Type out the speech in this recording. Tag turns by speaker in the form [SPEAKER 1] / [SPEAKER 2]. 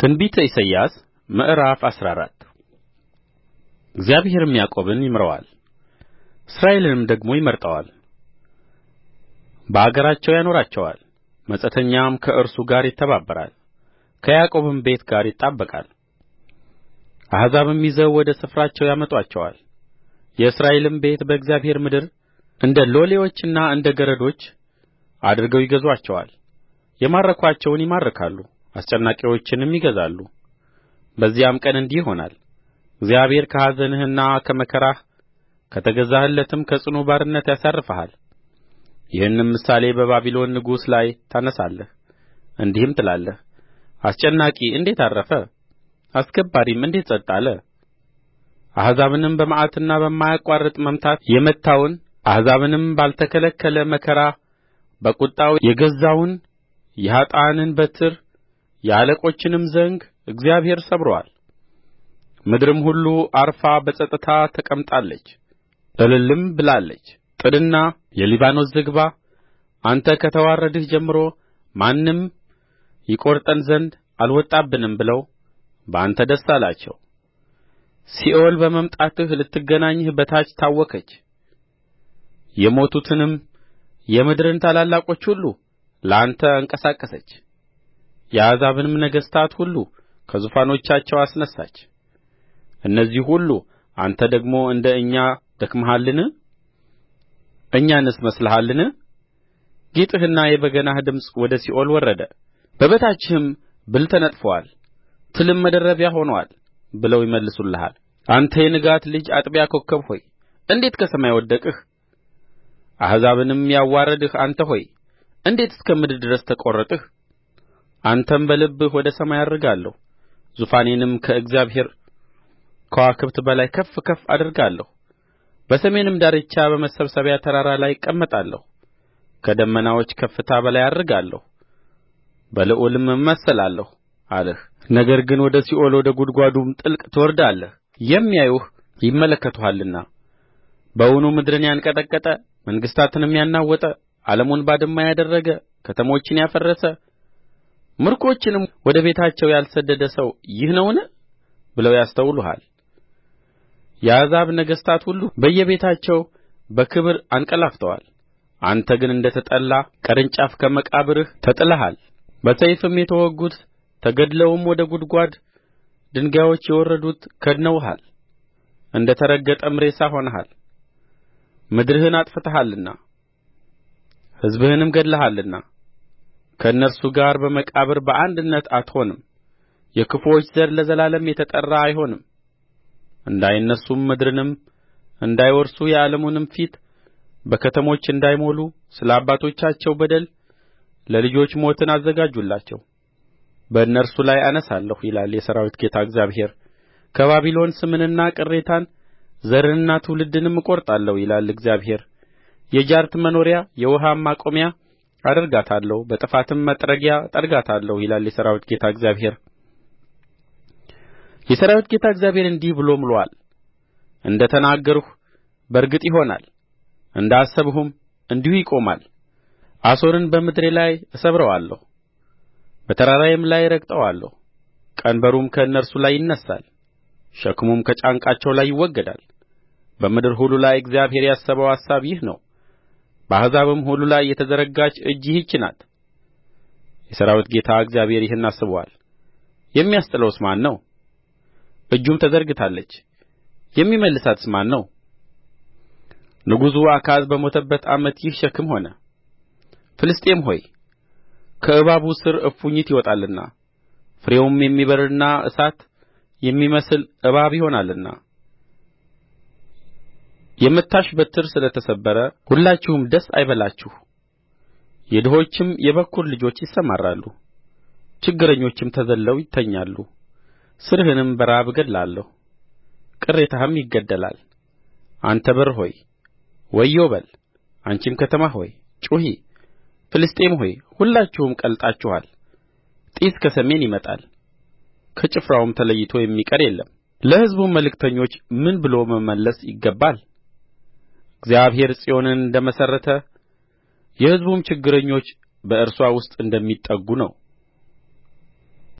[SPEAKER 1] ትንቢተ ኢሳይያስ ምዕራፍ አስራ አራት እግዚአብሔርም ያዕቆብን ይምረዋል እስራኤልንም ደግሞ ይመርጠዋል በአገራቸው ያኖራቸዋል መጻተኛም ከእርሱ ጋር ይተባበራል ከያዕቆብም ቤት ጋር ይጣበቃል አሕዛብም ይዘው ወደ ስፍራቸው ያመጡአቸዋል የእስራኤልም ቤት በእግዚአብሔር ምድር እንደ ሎሌዎችና እንደ ገረዶች አድርገው ይገዙአቸዋል የማረኩአቸውን ይማርካሉ አስጨናቂዎችንም ይገዛሉ በዚያም ቀን እንዲህ ይሆናል እግዚአብሔር ከኀዘንህና ከመከራህ ከተገዛህለትም ከጽኑ ባርነት ያሳርፍሃል ይህንም ምሳሌ በባቢሎን ንጉሥ ላይ ታነሣለህ እንዲህም ትላለህ አስጨናቂ እንዴት ዐረፈ አስገባሪም እንዴት ጸጥ አለ አሕዛብንም በመዓትና በማያቋርጥ መምታት የመታውን አሕዛብንም ባልተከለከለ መከራ በቍጣው የገዛውን የኀጥኣንን በትር የአለቆችንም ዘንግ እግዚአብሔር ሰብሮአል ምድርም ሁሉ ዐርፋ በጸጥታ ተቀምጣለች እልልም ብላለች ጥድና የሊባኖስ ዝግባ አንተ ከተዋረድህ ጀምሮ ማንም ይቈርጠን ዘንድ አልወጣብንም ብለው በአንተ ደስ አላቸው ሲኦል በመምጣትህ ልትገናኝህ በታች ታወከች የሞቱትንም የምድርን ታላላቆች ሁሉ ለአንተ አንቀሳቀሰች የአሕዛብንም ነገሥታት ሁሉ ከዙፋኖቻቸው አስነሣች እነዚህ ሁሉ አንተ ደግሞ እንደ እኛ ደክመሃልን እኛንስ መስለሃልን ጌጥህና የበገናህ ድምፅ ወደ ሲኦል ወረደ በበታችህም ብል ተነጥፎአል ትልም መደረቢያ ሆኖአል ብለው ይመልሱልሃል አንተ የንጋት ልጅ አጥቢያ ኮከብ ሆይ እንዴት ከሰማይ ወደቅህ አሕዛብንም ያዋረድህ አንተ ሆይ እንዴት እስከ ምድር ድረስ ተቈረጥህ አንተም በልብህ ወደ ሰማይ ዐርጋለሁ ዙፋኔንም ከእግዚአብሔር ከዋክብት በላይ ከፍ ከፍ አደርጋለሁ በሰሜንም ዳርቻ በመሰብሰቢያ ተራራ ላይ እቀመጣለሁ ከደመናዎች ከፍታ በላይ ዐርጋለሁ በልዑልም እመሰላለሁ አልህ ነገር ግን ወደ ሲኦል ወደ ጕድጓዱም ጥልቅ ትወርዳለህ የሚያዩህ ይመለከቱሃልና በውኑ ምድርን ያንቀጠቀጠ መንግሥታትንም ያናወጠ ዓለሙን ባድማ ያደረገ ከተሞችን ያፈረሰ ምርኮችንም ወደ ቤታቸው ያልሰደደ ሰው ይህ ነውን ብለው ያስተውሉሃል የአሕዛብ ነገሥታት ሁሉ በየቤታቸው በክብር አንቀላፍተዋል አንተ ግን እንደ ተጠላ ቅርንጫፍ ከመቃብርህ ተጥለሃል በሰይፍም የተወጉት ተገድለውም ወደ ጕድጓድ ድንጋዮች የወረዱት ከድነውሃል እንደ ተረገጠም ሬሳ ሆነሃል ምድርህን አጥፍተሃልና ሕዝብህንም ገድለሃልና ከእነርሱ ጋር በመቃብር በአንድነት አትሆንም የክፉዎች ዘር ለዘላለም የተጠራ አይሆንም እንዳይነሡም ምድርንም እንዳይወርሱ የዓለሙንም ፊት በከተሞች እንዳይሞሉ ስለ አባቶቻቸው በደል ለልጆች ሞትን አዘጋጁላቸው በእነርሱ ላይ አነሣለሁ ይላል የሠራዊት ጌታ እግዚአብሔር ከባቢሎን ስምንና ቅሬታን ዘርንና ትውልድንም እቈርጣለሁ ይላል እግዚአብሔር የጃርት መኖሪያ የውኃም ማቆሚያ። አደርጋታለሁ በጥፋትም መጥረጊያ እጠርጋታለሁ ይላል የሠራዊት ጌታ እግዚአብሔር የሠራዊት ጌታ እግዚአብሔር እንዲህ ብሎ ምሎአል እንደ ተናገርሁ በእርግጥ ይሆናል እንደ አሰብሁም እንዲሁ ይቆማል አሦርን በምድሬ ላይ እሰብረዋለሁ በተራራዬም ላይ እረግጠዋለሁ ቀንበሩም ከእነርሱ ላይ ይነሣል ሸክሙም ከጫንቃቸው ላይ ይወገዳል በምድር ሁሉ ላይ እግዚአብሔር ያሰበው አሳብ ይህ ነው በአሕዛብም ሁሉ ላይ የተዘረጋች እጅ ይህች ናት የሠራዊት ጌታ እግዚአብሔር ይህን አስቦአል የሚያስጥለውስ ማን ነው እጁም ተዘርግታለች የሚመልሳትስ ማን ነው ንጉሡ አካዝ በሞተበት ዓመት ይህ ሸክም ሆነ ፍልስጥኤም ሆይ ከእባቡ ሥር እፉኝት ይወጣልና ፍሬውም የሚበርርና እሳት የሚመስል እባብ ይሆናልና የመታሽ በትር ስለ ተሰበረ ሁላችሁም ደስ አይበላችሁ የድሆችም የበኵር ልጆች ይሰማራሉ ችግረኞችም ተዘልለው ይተኛሉ ሥርህንም በራብ እገድላለሁ ቅሬታህም ይገደላል አንተ በር ሆይ ወዮ በል አንቺም ከተማ ሆይ ጩኺ ፍልስጥኤም ሆይ ሁላችሁም ቀልጣችኋል ጢስ ከሰሜን ይመጣል ከጭፍራውም ተለይቶ የሚቀር የለም ለሕዝቡም መልእክተኞች ምን ብሎ መመለስ ይገባል እግዚአብሔር ጽዮንን እንደ መሠረተ የሕዝቡም ችግረኞች በእርስዋ ውስጥ እንደሚጠጉ ነው